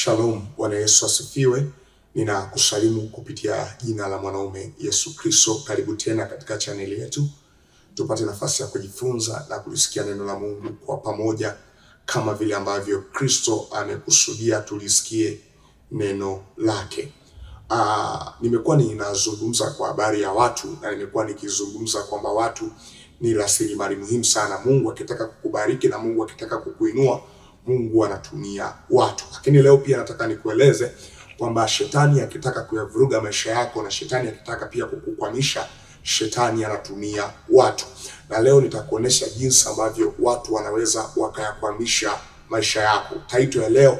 Shalom, Bwana Yesu asifiwe. kusalimu kupitia jina la mwanaume Yesu Kristo. Karibu tena katika chaneli yetu, tupate nafasi ya kujifunza na kulisikia neno la Mungu kwa pamoja, kama vile ambavyo Kristo amekusudia tulisikie neno lake. Aa, ah, nimekuwa ninazungumza kwa habari ya watu na nimekuwa nikizungumza kwamba watu ni rasilimali muhimu sana. Mungu akitaka kukubariki na Mungu akitaka kukuinua Mungu anatumia watu. Lakini leo pia nataka nikueleze kwamba shetani akitaka kuyavuruga maisha yako na shetani akitaka pia kukukwamisha, shetani anatumia watu, na leo nitakuonesha jinsi ambavyo watu wanaweza wakayakwamisha maisha yako. Taito ya leo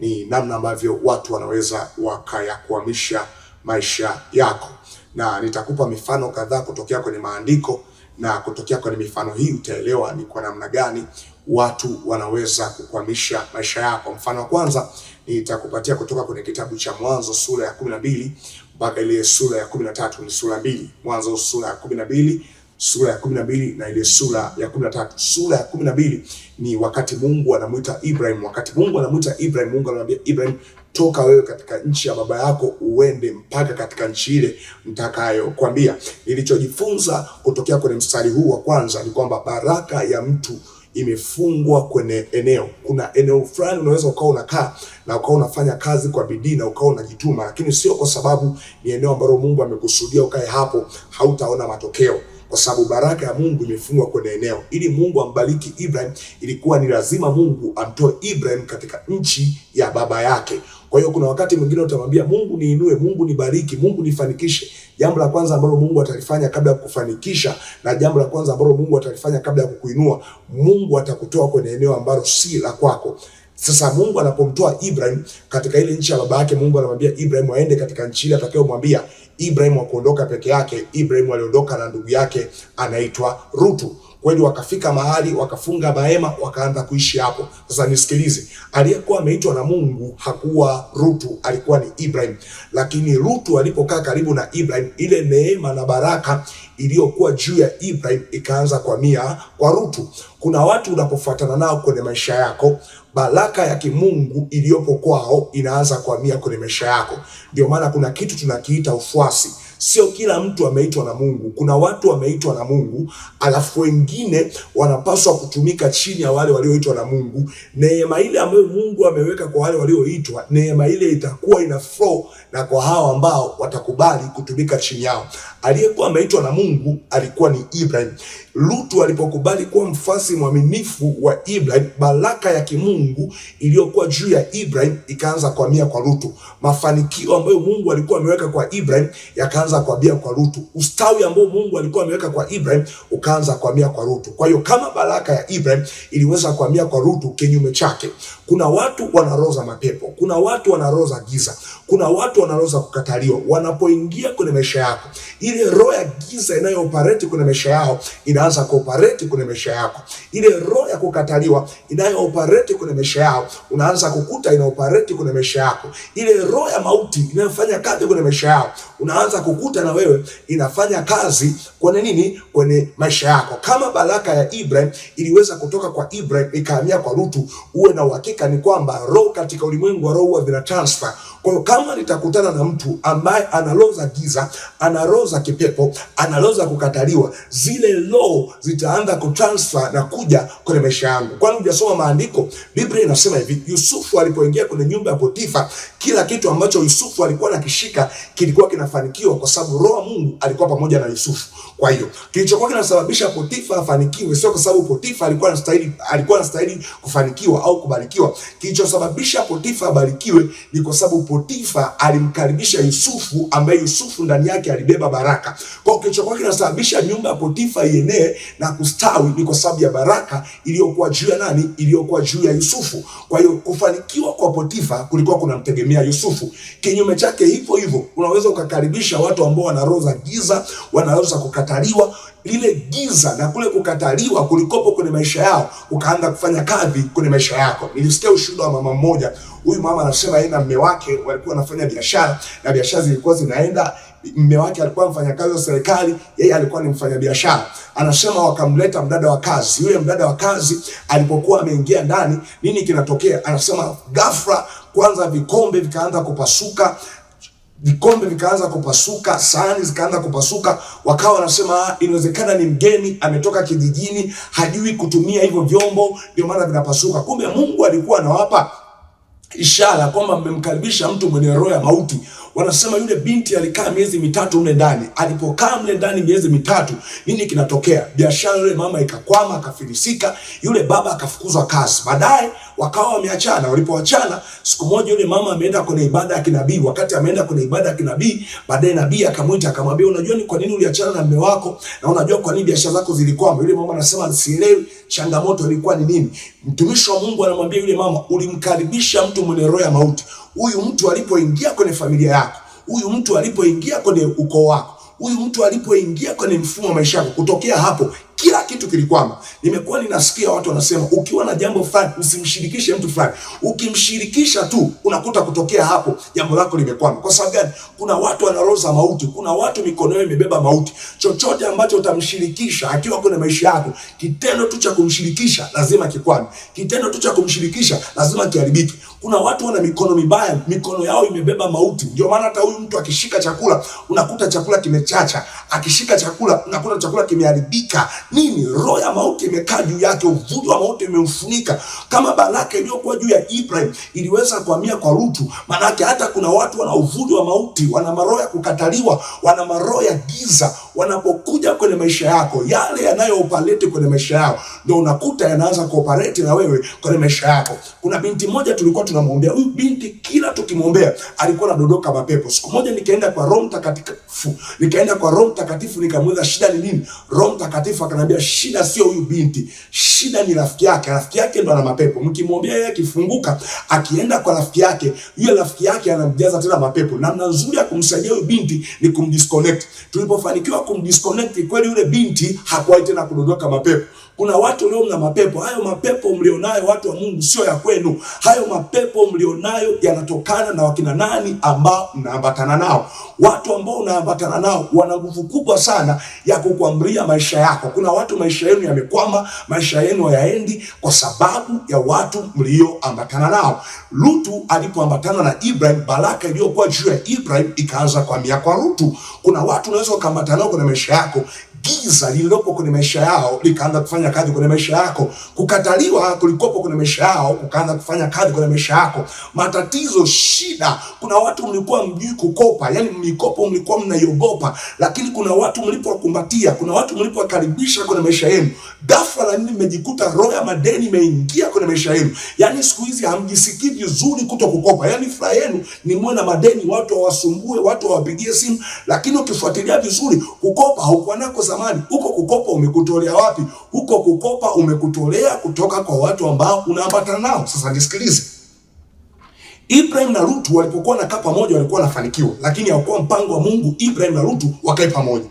ni namna ambavyo watu wanaweza wakayakwamisha maisha yako, na nitakupa mifano kadhaa kutokea kwenye maandiko, na kutokea kwenye mifano hii utaelewa ni kwa namna gani watu wanaweza kukwamisha maisha yako. Mfano wa kwanza nitakupatia kutoka kwenye kitabu cha Mwanzo sura ya kumi na mbili mpaka ile sura ya kumi na tatu ni sura mbili. Mwanzo sura ya kumi na mbili sura ya kumi na mbili na ile sura ya kumi na tatu Sura ya kumi na mbili ni wakati Mungu anamwita Ibrahim. Wakati Mungu anamwita Ibrahim, Mungu anamwambia Ibrahim, toka wewe katika nchi ya baba yako uende mpaka katika nchi ile mtakayokwambia. Nilichojifunza kutokea kwenye mstari huu wa kwanza ni kwamba baraka ya mtu imefungwa kwenye eneo. Kuna eneo fulani unaweza ukawa unakaa na ukawa unafanya kazi kwa bidii na ukawa unajituma, lakini sio kwa sababu ni eneo ambalo Mungu amekusudia ukae hapo, hautaona matokeo kwa sababu baraka ya Mungu imefungwa kwenye eneo. Ili Mungu ambariki Ibrahim, ilikuwa ni lazima Mungu amtoe Ibrahim katika nchi ya baba yake. Kwa hiyo kuna wakati mwingine utamwambia Mungu niinue, Mungu nibariki, Mungu nifanikishe. Jambo la kwanza ambalo Mungu atalifanya kabla ya kukufanikisha na jambo la kwanza ambalo Mungu atalifanya kabla ya kukuinua, Mungu atakutoa kwenye eneo ambalo si la kwako. Sasa Mungu anapomtoa Ibrahim katika ile nchi ya baba yake, Mungu anamwambia Ibrahim aende katika nchi ile atakayomwambia. Ibrahim hakuondoka peke yake. Ibrahim aliondoka na ndugu yake anaitwa Rutu. Kweli wakafika mahali wakafunga mahema wakaanza kuishi hapo. Sasa nisikilize, aliyekuwa ameitwa na Mungu hakuwa Rutu, alikuwa ni Ibrahim. Lakini Rutu alipokaa karibu na Ibrahim, ile neema na baraka iliyokuwa juu ya Ibrahim ikaanza kuhamia kwa Rutu. Kuna watu unapofuatana nao kwenye maisha yako baraka ya kimungu iliyopo kwao inaanza kuhamia kwenye maisha yako. Ndio maana kuna kitu tunakiita ufuasi. Sio kila mtu ameitwa na Mungu. Kuna watu wameitwa na Mungu, alafu wengine wanapaswa kutumika chini ya wale walioitwa na Mungu. Neema ile ambayo Mungu ameweka kwa wale walioitwa, neema ile itakuwa ina flow na kwa hao ambao watakubali kutumika chini yao. Aliyekuwa ameitwa na Mungu alikuwa ni Ibrahim. Lutu alipokubali kuwa mfasi mwaminifu wa Ibrahim, baraka ya kimungu iliyokuwa juu ya Ibrahim ikaanza kuhamia kwa Lutu. Mafanikio ambayo Mungu alikuwa ameweka kwa Ibrahim yakaanza kuhamia kwa Lutu. Ustawi ambao Mungu alikuwa ameweka kwa Ibrahim ukaanza kuhamia kwa Lutu. Kwa hiyo kama baraka ya Ibrahim iliweza kuhamia kwa Lutu, kinyume chake, kuna watu wana roho za mapepo, kuna watu wana roho za giza, kuna watu wana roho za kukataliwa. Wanapoingia kwenye maisha yako ile roho ya giza inayooperate kwenye maisha yao inaanza kuoperate kwenye maisha yako. Ile roho ya kukataliwa inayooperate kwenye maisha yao unaanza kukuta inaoperate kwenye maisha yako. Ile roho ya mauti inayofanya kazi kwenye maisha yao unaanza kukuta na wewe inafanya kazi kwenye nini? Kwenye maisha yako. Kama baraka ya Ibrahim iliweza kutoka kwa Ibrahim ikahamia kwa Rutu, uwe na uhakika ni kwamba roho katika ulimwengu wa roho huwa vina transfer. Kwa hiyo kama nitakutana na mtu ambaye ana roho za giza, ana roho za kipepo, ana roho za kukataliwa, zile roho zitaanza kutransfer na kuja kwenye maisha yangu. Kwani hujasoma maandiko? Biblia inasema hivi, Yusufu alipoingia kwenye nyumba ya Potifa, kila kitu ambacho Yusufu alikuwa nakishika kilikuwa kinafanikiwa kwa sababu roho ya Mungu alikuwa pamoja na Yusufu. Kwa hiyo kilichokuwa kinasababisha Potifa afanikiwe sio kwa sababu Potifa alikuwa anastahili alikuwa anastahili kufanikiwa au kubarikiwa. Kilichosababisha Potifa abarikiwe ni kwa sababu Potifa alimkaribisha Yusufu ambaye Yusufu ndani yake alibeba baraka. Kwa kilichokuwa kinasababisha nyumba ya Potifa ienee na kustawi ni kwa sababu ya baraka iliyokuwa juu ya nani? Iliyokuwa juu ya Yusufu. Kwa hiyo kufanikiwa kwa Potifa kulikuwa kunamtegemea Yusufu. Kinyume chake hivyo hivyo, unaweza ukakaribisha watu ambao wana roho za giza, wana roho za kukataliwa lile giza na kule kukataliwa kulikopo kwenye maisha yao, ukaanza kufanya kazi kwenye maisha yako. Nilisikia ushuhuda wa mama mmoja. Huyu mama anasema yeye na mume wake walikuwa wanafanya biashara na biashara zilikuwa zinaenda mme wake alikuwa mfanyakazi wa serikali, yeye alikuwa ni mfanyabiashara. Anasema wakamleta mdada wa kazi. Yule mdada wa kazi alipokuwa ameingia ndani, nini kinatokea? Anasema ghafla, kwanza vikombe vikaanza kupasuka vikombe vikaanza kupasuka, sahani zikaanza kupasuka. Wakawa wanasema ah, inawezekana ni mgeni ametoka kijijini, hajui kutumia hivyo vyombo, ndio maana vinapasuka. Kumbe Mungu alikuwa anawapa ishara kwamba mmemkaribisha mtu mwenye roho ya mauti wanasema yule binti alikaa miezi mitatu mle ndani. Alipokaa mle ndani miezi mitatu, nini kinatokea? Biashara yule mama ikakwama, akafilisika, yule baba akafukuzwa kazi. Baadaye wakawa wameachana. Walipoachana, siku moja yule mama ameenda kwenye ibada ya kinabii. Wakati ameenda kwenye ibada ya kinabii, baadaye nabii akamwita akamwambia, unajua ni kwa nini uliachana na mume wako na unajua kwa nini biashara zako zilikwama? Yule mama anasema sielewi, changamoto ilikuwa ni nini? Mtumishi wa Mungu anamwambia yule mama, ulimkaribisha mtu mwenye roho ya mauti huyu mtu alipoingia kwenye familia yako, huyu mtu alipoingia kwenye ukoo wako, huyu mtu alipoingia kwenye mfumo wa maisha yako, kutokea hapo kila kitu kilikwama. Nimekuwa ninasikia watu wanasema ukiwa na jambo fulani usimshirikishe mtu fulani, ukimshirikisha tu unakuta kutokea hapo jambo lako limekwama. Kwa sababu gani? Kuna watu wana roho za mauti, kuna watu mikono yao imebeba mauti. Chochote ambacho utamshirikisha akiwa kwenye maisha yako, kitendo tu cha kumshirikisha lazima kikwame, kitendo tu cha kumshirikisha lazima kiharibike. Kuna watu wana mikono mibaya, mikono yao imebeba mauti. Ndio maana hata huyu mtu akishika chakula unakuta chakula kimechacha, akishika chakula unakuta chakula kimeharibika nini, roho ya mauti imekaa juu yake, uvuli wa mauti imemfunika. Kama baraka iliyokuwa juu ya Ibrahim iliweza kuhamia kwa Rutu, maanake hata kuna watu wana uvuli wa mauti, wana maroho ya kukataliwa, wana maroho ya giza. Wanapokuja kwenye maisha yako, yale yanayoopareti kwenye maisha yao ndio unakuta yanaanza kuopareti na wewe kwenye maisha yako. Kuna binti moja tulikuwa tunamwombea huyu binti, kila tukimwombea alikuwa anadondoka mapepo. Siku moja nikaenda kwa Roho Mtakatifu, nikaenda kwa Roho Mtakatifu nikamuuliza shida ni nini. Roho Mtakatifu anaambia shida sio huyu binti, shida ni rafiki yake. Rafiki yake ndo ana mapepo, mkimwambia yeye akifunguka, akienda kwa rafiki yake, yule rafiki yake anamjaza tena mapepo. Namna nzuri ya kumsaidia huyu binti ni kumdisconnect. Tulipofanikiwa kumdisconnect kweli, yule binti hakuwahi tena kudondoka mapepo. Kuna watu leo mna mapepo hayo. Mapepo mlionayo watu wa Mungu sio ya kwenu. Hayo mapepo mlionayo yanatokana na wakina nani ambao mnaambatana nao. Watu ambao unaambatana nao wana nguvu kubwa sana ya kukuamria maisha yako. Kuna watu maisha yenu yamekwama, maisha yenu hayaendi kwa sababu ya watu mlioambatana nao. Lutu alipoambatana na Ibrahim, baraka iliyokuwa juu ya Ibrahim ikaanza kuhamia kwa Lutu. Kuna watu unaweza ukaambatana nao kwenye maisha yako giza lililopo kwenye maisha yao likaanza kufanya kazi kwenye maisha yako. Kukataliwa kulikopo kwenye maisha yao kukaanza kufanya kazi kwenye maisha yako. Matatizo, shida. Kuna watu mlikuwa mjui kukopa, yani mikopo mlikuwa mnaiogopa, lakini kuna watu mlipokumbatia, kuna watu mlipokaribisha kwenye maisha yenu, ghafla nini mmejikuta roho ya madeni imeingia kwenye maisha yenu. Yani siku hizi hamjisikii vizuri kuto kukopa, yani furaha yenu ni mwe na madeni, watu wawasumbue, watu wawapigie simu, lakini ukifuatilia vizuri kukopa haukuwa nako samani, huko kukopa umekutolea wapi? Huko kukopa umekutolea kutoka kwa watu ambao unaambatana nao. Sasa nisikilize, Ibrahim na Lutu walipokuwa nakaa pamoja walikuwa wanafanikiwa, lakini hawakuwa mpango wa Mungu Ibrahim na Lutu wakae pamoja.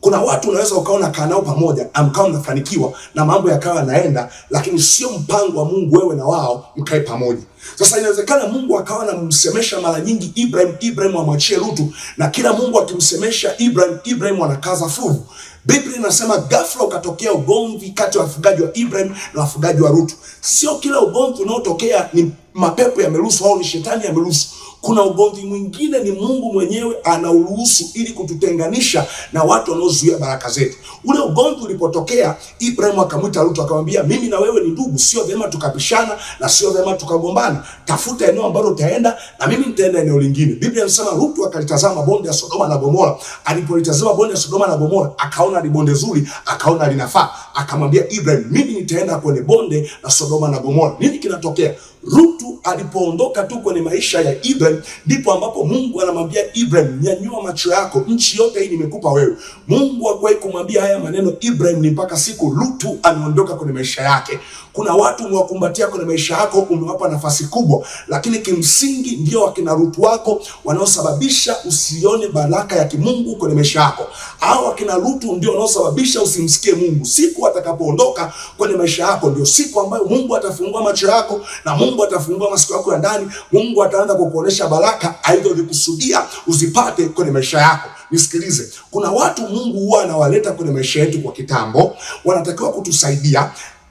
Kuna watu unaweza ukaona kaa nao pamoja amkawa mnafanikiwa na mambo yakawa yanaenda, lakini sio mpango wa Mungu wewe na wao mkae pamoja. Sasa inawezekana Mungu akawa anamsemesha mara nyingi Ibrahim, Ibrahim amwachie Lutu, na kila Mungu akimsemesha Ibrahim, Ibrahim anakaza fuvu. Biblia inasema ghafla ukatokea ugomvi kati ya wafugaji wa Ibrahim na wafugaji wa Rutu. Sio kila ugomvi unaotokea ni mapepo yameruhusu au ni shetani yameruhusu. Kuna ugomvi mwingine ni Mungu mwenyewe anauruhusu ili kututenganisha na watu wanaozuia baraka zetu. Ule ugomvi ulipotokea, Ibrahimu akamwita Lutu akamwambia, mimi na wewe ni ndugu, sio vyema tukapishana na sio vyema tukagombana. Tafuta eneo ambalo utaenda na mimi nitaenda eneo lingine. Biblia inasema Lutu akalitazama bonde la Sodoma na Gomora. Alipolitazama bonde la Sodoma na Gomora, akaona ni bonde zuri, akaona linafaa, akamwambia Ibrahimu, mimi nitaenda kwenye bonde la Sodoma na Gomora. Nini kinatokea? Rutu alipoondoka tu kwenye maisha ya Ibrahim, ndipo ambapo Mungu anamwambia Ibrahim, nyanyua macho yako, nchi yote hii nimekupa wewe. Mungu hakuwahi kumwambia haya maneno Ibrahim, ni mpaka siku Rutu anaondoka kwenye maisha yake. Kuna watu umewakumbatia kwenye maisha yako, umewapa nafasi kubwa, lakini kimsingi ndio wakina Rutu wako wanaosababisha usione baraka ya kimungu kwenye maisha yako. Hao wakina Rutu ndio wanaosababisha usimsikie Mungu. Siku atakapoondoka kwenye maisha yako, ndio siku ambayo Mungu atafungua macho yako na Mungu Mungu atafungua masikio yako ya ndani. Mungu ataanza kukuonesha baraka alizozikusudia uzipate kwenye maisha yako. Nisikilize, kuna watu Mungu huwa anawaleta kwenye maisha yetu kwa kitambo, wanatakiwa kutusaidia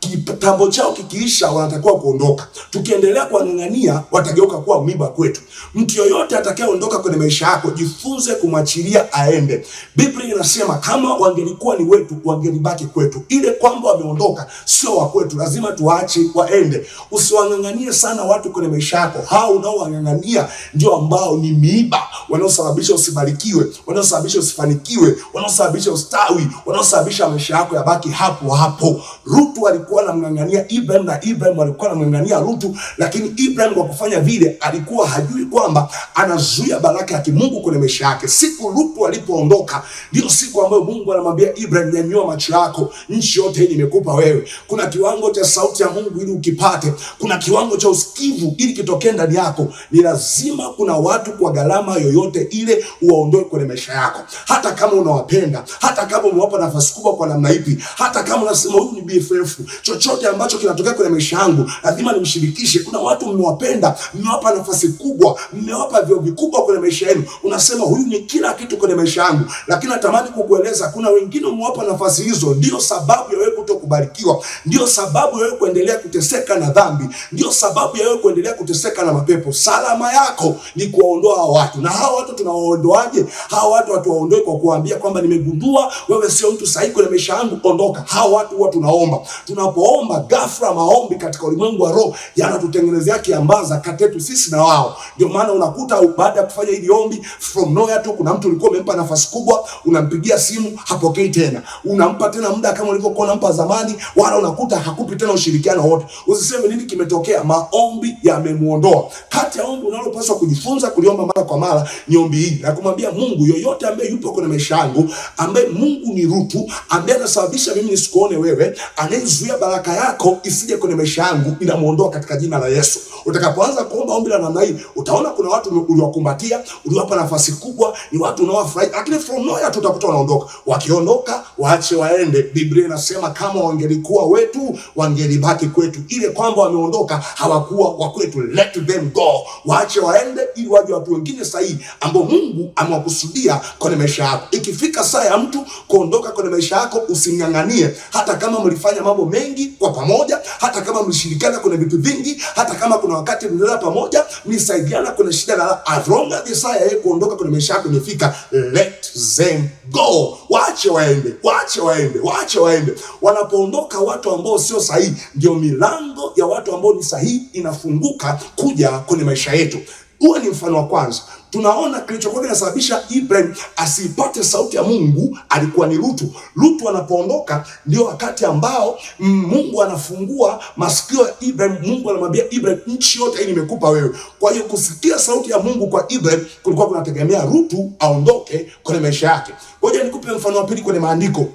kitambo chao kikiisha, wanatakiwa kuondoka. Tukiendelea kuwang'ang'ania, watageuka kuwa miba kwetu. Mtu yoyote atakayeondoka kwenye maisha yako, jifunze kumwachilia aende. Biblia inasema kama wangelikuwa ni wetu, wangelibaki kwetu. Ile kwamba wameondoka, sio wa kwetu, lazima tuwaache waende. Usiwang'ang'anie sana watu kwenye maisha yako. Hao unaowang'ang'ania ndio ambao ni miiba, wanaosababisha usibarikiwe, wanaosababisha usifanikiwe, wanaosababisha ustawi, wanaosababisha maisha yako yabaki hapo hapo. Rutu alikuwa walikuwa wanamng'ang'ania Ibrahim na Ibrahim walikuwa wanamng'ang'ania Lutu, lakini Ibrahim kwa kufanya vile alikuwa hajui kwamba anazuia baraka ya kimungu kwenye maisha yake. Siku Lutu alipoondoka, ndio siku ambayo Mungu anamwambia Ibrahim, nyanyua macho yako, nchi yote hii nimekupa wewe. Kuna kiwango cha sauti ya Mungu ili ukipate, kuna kiwango cha usikivu ili kitokee ndani yako. Ni lazima kuna watu kwa gharama yoyote ile uwaondoe kwenye maisha yako, hata kama unawapenda, hata kama umewapa nafasi kubwa kwa namna ipi, hata kama unasema huyu ni BFF, chochote ambacho kinatokea kwenye maisha yangu lazima nimshirikishe. Kuna watu mmewapenda, mmewapa nafasi kubwa, mmewapa vyo vikubwa kwenye maisha yenu, unasema huyu ni kila kitu kwenye maisha yangu, lakini natamani kukueleza, kuna wengine umewapa nafasi hizo, ndio sababu ya wewe kutokubarikiwa, ndio sababu ya wewe kuendelea kuteseka na dhambi, ndio sababu ya wewe kuendelea kuteseka na mapepo. Salama yako ni kuwaondoa hawa watu, na hawa watu tunawaondoaje? Hawa watu hatuwaondoe kwa kuwaambia kwamba nimegundua wewe sio mtu sahihi kwenye maisha yangu, ondoka. Hawa watu huwa tunaomba tuna tunapoomba ghafla maombi katika ulimwengu wa roho yanatutengenezea kiambaza kati yetu sisi na wao. Ndio maana unakuta baada ya kufanya hili ombi from nowhere tu kuna mtu ulikuwa umempa nafasi kubwa, unampigia simu hapokei tena, unampa tena muda kama ulivyokuwa unampa zamani, wala unakuta hakupi tena ushirikiano wote. Usiseme nini kimetokea, maombi yamemuondoa. Kati ya ombi unalopaswa kujifunza kuliomba mara kwa mara ni ombi hili na kumwambia Mungu, yoyote ambaye yupo kwenye maisha yangu, ambaye Mungu ni rutu, ambaye anasababisha mimi nisikuone wewe, anayezuia kuzuia baraka yako isije kwenye maisha yangu, inamuondoa katika jina la Yesu. Utakapoanza kuomba ombi la namna hii, utaona kuna watu uliwakumbatia, uliwapa nafasi kubwa, ni watu unaowafurahi, lakini from nowhere tu utakuta wanaondoka. Wakiondoka waache waende. Biblia inasema kama wangelikuwa wetu wangelibaki kwetu, ile kwamba wameondoka, hawakuwa wa kwetu. Let them go, waache waende, ili waje watu wengine sahihi ambao Mungu amewakusudia kwenye maisha yako. Ikifika saa ya mtu kuondoka kwenye maisha yako, usimng'ang'anie hata kama mlifanya mambo mengi mengi kwa pamoja, hata kama mlishirikiana kuna vitu vingi, hata kama kuna wakati mlilala pamoja, mlisaidiana kuna shida la as long as yeye kuondoka kwenye maisha yako imefika, let them go, waache waende, waache waende, waache waende. Wanapoondoka watu ambao sio sahihi, ndio milango ya watu ambao ni sahihi inafunguka kuja kwenye maisha yetu. Huo ni mfano wa kwanza. Tunaona kilichokuwa kinasababisha Ibrahim asiipate sauti ya Mungu alikuwa ni Lutu. Lutu anapoondoka ndio wakati ambao mm, Mungu anafungua masikio ya Ibrahim. Mungu anamwambia Ibrahim, nchi yote hii nimekupa wewe. Kwa hiyo kusikia sauti ya Mungu kwa Ibrahim kulikuwa kunategemea Lutu aondoke kwenye maisha yake. Ngoja nikupe mfano wa pili kwenye maandiko,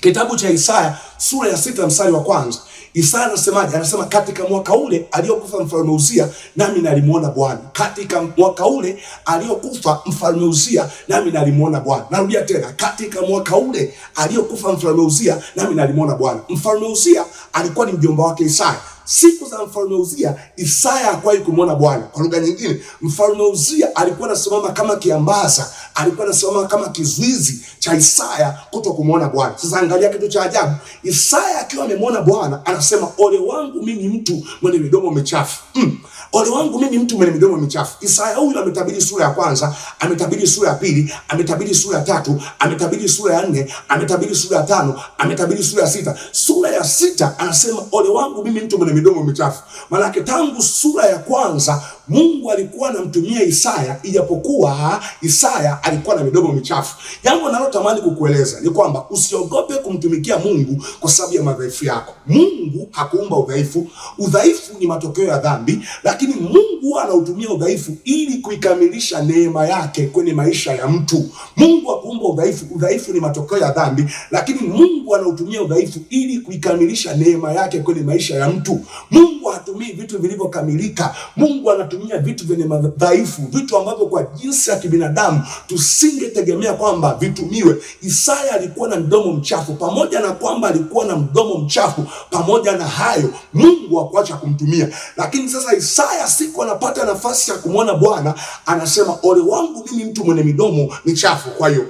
kitabu cha Isaya sura ya sita mstari wa kwanza. Isaya anasemaje? Anasema katika mwaka ule aliyokufa mfalme Uzia nami nalimuona Bwana. Katika mwaka ule aliyokufa mfalme Uzia nami nalimuona Bwana. Narudia tena, katika mwaka ule aliyokufa mfalme Uzia nami nalimuona Bwana. Mfalme Uzia alikuwa ni mjomba wake Isaya siku za mfalme Uzia, Isaya hakuwahi kumwona Bwana. Kwa lugha nyingine, mfalme Uzia alikuwa anasimama kama kiambaza, alikuwa anasimama kama kizuizi cha Isaya kuto kumwona Bwana. Sasa angalia kitu cha ajabu, Isaya akiwa amemwona Bwana anasema, ole wangu mimi, mtu mwenye midomo michafu mm. Ole wangu mimi mtu mwenye midomo michafu. Isaya huyu ametabiri sura ya kwanza, ametabiri sura ya pili, ametabiri sura ya tatu, ametabiri sura ya nne, ametabiri sura ya tano, ametabiri sura ya sita. Sura ya sita anasema ole wangu mimi mtu mwenye midomo michafu. Maana tangu sura ya kwanza Mungu alikuwa anamtumia Isaya, ijapokuwa Isaya alikuwa na midomo michafu. Jambo nalotamani kukueleza ni kwamba usiogope kumtumikia Mungu kwa sababu ya madhaifu yako. Mungu hakuumba udhaifu. Udhaifu ni matokeo ya dhambi, lakini Mungu anautumia udhaifu ili kuikamilisha neema yake kwenye maisha ya mtu. Mungu hakuumba udhaifu. Udhaifu ni matokeo ya dhambi, lakini Mungu anautumia udhaifu ili kuikamilisha neema yake kwenye maisha ya mtu. Mungu hatumii vitu vilivyokamilika. Mungu anatumia tunatumia vitu vyenye madhaifu, vitu ambavyo kwa jinsi ya kibinadamu tusingetegemea kwamba vitumiwe. Isaya alikuwa na mdomo mchafu, pamoja na kwamba alikuwa na mdomo mchafu, pamoja na hayo Mungu hakuacha kumtumia. Lakini sasa Isaya siku anapata nafasi ya kumwona Bwana, anasema ole wangu mimi mtu mwenye midomo michafu. Kwa hiyo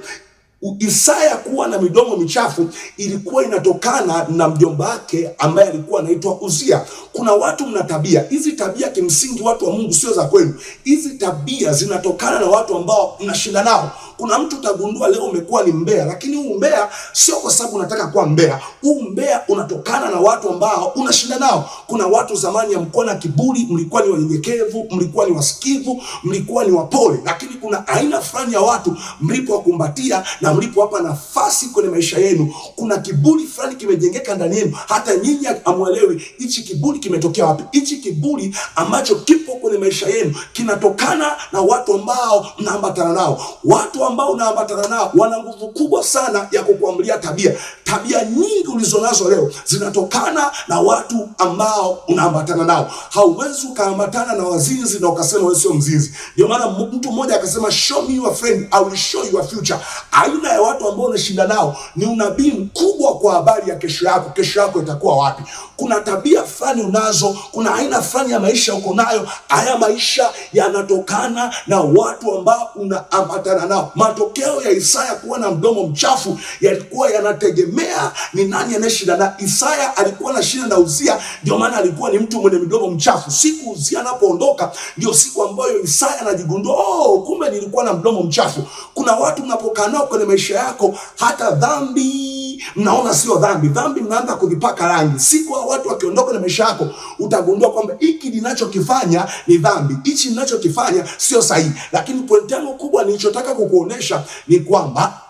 Isaya kuwa na midomo michafu ilikuwa inatokana na mjomba wake ambaye alikuwa anaitwa Uzia. Kuna watu mna tabia hizi, tabia kimsingi watu wa Mungu sio za kwenu. Hizi tabia zinatokana na watu ambao mnashinda nao. Kuna mtu utagundua leo umekuwa ni mbea, lakini huu mbea sio kwa sababu unataka kuwa mbea. Huu mbea unatokana na watu ambao unashinda nao. Kuna watu zamani hamkuwa na kiburi, mlikuwa ni wanyenyekevu, mlikuwa ni wasikivu, mlikuwa ni wapole, lakini kuna aina fulani ya watu mlipo wakumbatia na mlipo hapa nafasi kwenye maisha yenu, kuna kiburi fulani kimejengeka ndani yenu, hata nyinyi hamwelewi hichi kiburi kimetokea wapi. Hichi kiburi ambacho kipo kwenye maisha yenu kinatokana na watu ambao mnaambatana nao, watu ambao unaambatana nao wana nguvu kubwa sana ya kukuamulia tabia. Tabia nyingi ulizonazo leo zinatokana na watu ambao unaambatana nao. Hauwezi ukaambatana na wazinzi na ukasema wewe sio mzinzi. Ndio maana mtu mmoja akasema, show me your friend I will show you your future. Aina ya watu ambao unashinda nao ni unabii mkubwa kwa habari ya kesho yako. Kesho yako itakuwa wapi? Kuna tabia fulani unazo, kuna aina fulani ya maisha uko nayo. Haya maisha yanatokana na watu ambao unaambatana nao. Matokeo ya Isaya kuwa na mdomo mchafu yalikuwa yanategemea ni nani shida na Isaya alikuwa na shida na Uzia, ndio maana alikuwa ni mtu mwenye mdomo mchafu. Siku Uzia anapoondoka ndio siku ambayo Isaya anajigundua, oh, kumbe nilikuwa na mdomo mchafu. Kuna watu mnapokaa nao kwenye maisha yako hata dhambi mnaona sio dhambi. Dhambi mnaanza kuvipaka rangi. Siku wa watu wakiondoka na maisha yako, utagundua kwamba hiki ninachokifanya ni dhambi, hichi ninachokifanya sio sahihi. Lakini pointi yangu kubwa nilichotaka kukuonesha ni kwamba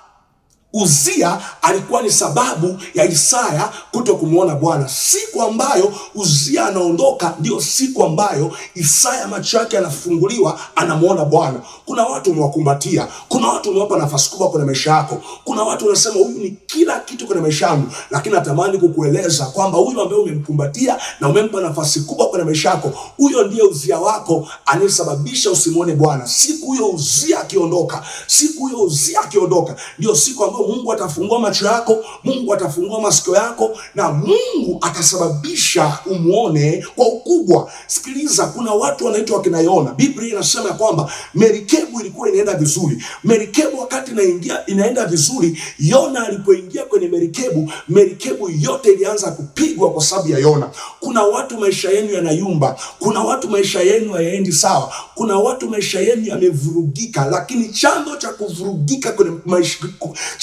Uzia alikuwa ni sababu ya Isaya kuto kumwona Bwana. Siku ambayo Uzia anaondoka ndiyo siku ambayo Isaya macho yake anafunguliwa, anamwona Bwana. Kuna watu umewakumbatia, kuna watu umewapa nafasi kubwa kwenye maisha yako, kuna watu unasema huyu ni kila kitu kwenye maisha yangu, lakini natamani kukueleza kwamba huyu ambaye umemkumbatia na umempa nafasi kubwa kwenye maisha yako, huyo ndiye Uzia wako anayesababisha usimwone Bwana. Siku hiyo Uzia akiondoka, siku hiyo Uzia akiondoka, ndio siku ambayo kidogo, Mungu atafungua macho yako, Mungu atafungua masikio yako, na Mungu atasababisha umwone kwa ukubwa. Sikiliza, kuna watu wanaitwa wakina Yona. Biblia inasema ya kwamba merikebu ilikuwa inaenda vizuri. Merikebu wakati inaingia inaenda vizuri, Yona alipoingia kwenye merikebu, merikebu yote ilianza kupigwa kwa sababu ya Yona. Kuna watu maisha yenu yanayumba, kuna watu maisha yenu hayaendi sawa, kuna watu maisha yenu yamevurugika, lakini chanzo cha kuvurugika kwenye maisha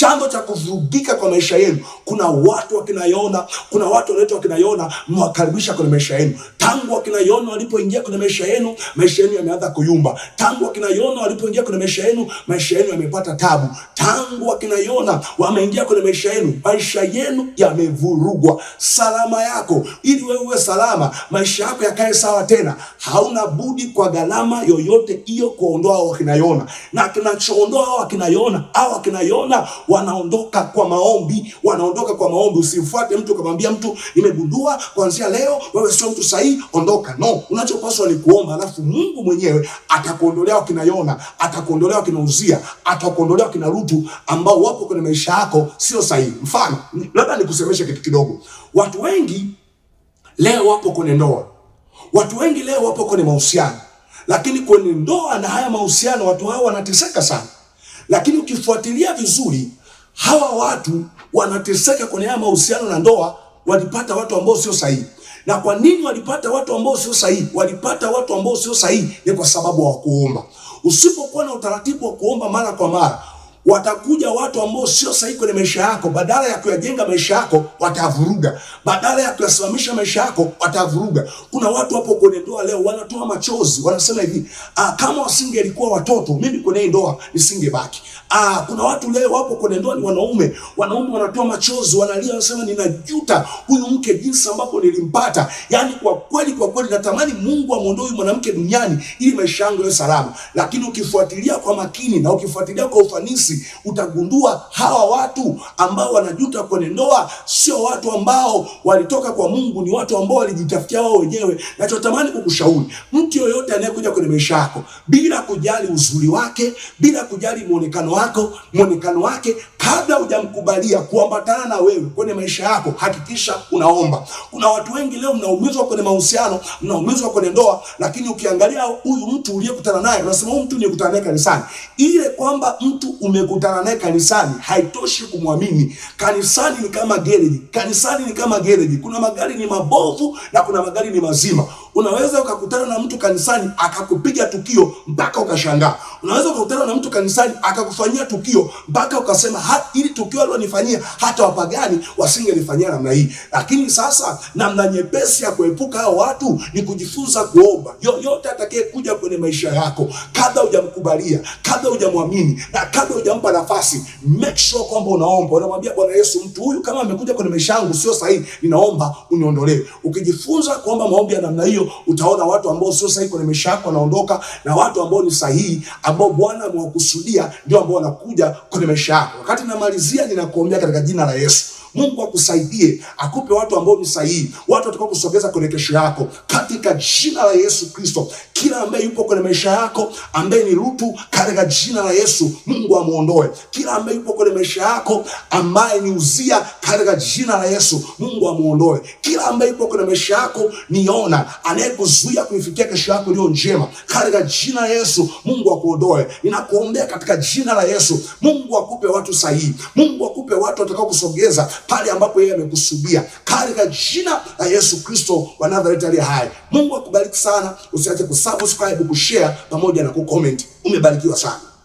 chanzo cha kuvurugika kwa maisha yenu. Kuna watu wakinayona, kuna watu wanaitwa wakinayona, mwakaribisha kwenye maisha yenu. Tangu wakinayona walipoingia kwenye maisha yenu, maisha yenu yameanza kuyumba. Tangu wakinayona walipoingia kwenye maisha yenu, maisha yenu yamepata tabu. Tangu wakinayona wameingia kwenye maisha yenu, maisha yenu yamevurugwa. Salama yako, ili wewe uwe salama, maisha yako yakae sawa tena, hauna budi kwa gharama yoyote hiyo kuondoa wakinayona, na kinachoondoa wakinayona au wakinayona wa wanaondoka kwa maombi, wanaondoka kwa maombi. Usimfuate mtu ukamwambia mtu, nimegundua kuanzia leo wewe sio mtu sahihi, ondoka. No, unachopaswa ni kuomba, alafu Mungu mwenyewe atakuondolea wakina Yona, atakuondolea wakina Uzia, atakuondolea wakina Rutu ambao wapo kwenye maisha yako sio sahihi. Mfano, labda nikusemeshe kitu kidogo. Watu wengi leo wapo kwenye ndoa, watu wengi leo wapo kwenye mahusiano, lakini kwenye ndoa na haya mahusiano watu hao wanateseka sana, lakini ukifuatilia vizuri hawa watu wanateseka kwenye haya mahusiano na ndoa, walipata watu ambao sio sahihi. Na kwa nini walipata watu ambao sio sahihi? Walipata watu ambao sio sahihi ni kwa sababu wa kuomba Usipokuwa na utaratibu wa kuomba mara kwa mara watakuja watu ambao sio sahihi kwenye maisha yako, badala ya kuyajenga maisha yako watavuruga, badala ya kuyasimamisha maisha yako watavuruga. Kuna watu hapo kwenye ndoa leo wanatoa machozi, wanasema hivi ah, kama wasinge alikuwa watoto mimi kwenye hii ndoa nisingebaki. Ah, kuna watu leo wapo kwenye ndoa, ni wanaume, wanaume wanatoa machozi, wanalia, wanasema ninajuta huyu mke jinsi ambapo nilimpata. Yani kwa kweli, kwa kweli natamani Mungu amuondoe mwanamke duniani ili maisha yangu yawe salama. Lakini ukifuatilia kwa makini na ukifuatilia kwa ufanisi sisi, utagundua hawa watu ambao wanajuta kwenye ndoa sio watu ambao walitoka kwa Mungu, ni watu ambao walijitafutia wao wenyewe. Nachotamani kukushauri mtu yoyote anayekuja kwenye maisha yako, bila kujali uzuri wake, bila kujali muonekano wako muonekano wake, kabla hujamkubalia kuambatana na wewe kwenye maisha yako, hakikisha unaomba. Kuna watu wengi leo mnaumizwa kwenye mahusiano, mnaumizwa kwenye ndoa, lakini ukiangalia huyu mtu uliyekutana naye unasema huyu mtu niyekutana naye kanisani, ile kwamba mtu ume umekutana naye kanisani, haitoshi kumwamini. Kanisani ni kama gereji, kanisani ni kama gereji. Kuna magari ni mabovu na kuna magari ni mazima. Unaweza ukakutana na mtu kanisani akakupiga tukio mpaka ukashangaa. Unaweza ukakutana na mtu kanisani akakufanyia tukio mpaka ukasema ha, ili tukio alionifanyia hata wapagani wasingenifanyia namna hii. Lakini sasa namna nyepesi ya kuepuka hao watu ni kujifunza kuomba. Yoyote atakayekuja kwenye maisha yako, kabla hujamkubalia, kabla hujamwamini na kabla hujampa nafasi, make sure kwamba unaomba. Unamwambia Bwana Yesu, mtu huyu kama amekuja kwenye maisha yangu sio sahihi, ninaomba uniondolee. Ukijifunza kuomba maombi ya namna hiyo utaona watu ambao sio sahihi kwenye maisha yako wanaondoka, na watu ambao ni sahihi, ambao Bwana amewakusudia ndio ambao wanakuja kwenye maisha yako. Wakati namalizia, ninakuombea katika jina la Yesu Mungu akusaidie, akupe watu ambao ni sahihi, watu watakao kusogeza kwenye kesho yako katika jina la Yesu Kristo. Kila ambaye yupo kwenye maisha yako ambaye ni lutu, katika jina la Yesu Mungu amuondoe. Kila ambaye yupo kwenye maisha yako ambaye ni uzia, katika jina la Yesu Mungu amuondoe. Kila ambaye yupo kwenye maisha yako niona, anayekuzuia kuifikia kesho yako iliyo njema, katika jina la Yesu Mungu akuondoe. Ninakuombea katika jina la Yesu, Mungu akupe watu sahihi, Mungu akupe watu watakao kusogeza pale ambapo yeye amekusudia, katika jina la Yesu Kristo wa Nazareti aliye hai. Mungu akubariki sana, usiache kusubscribe, kushare pamoja na kucomment. Umebarikiwa sana.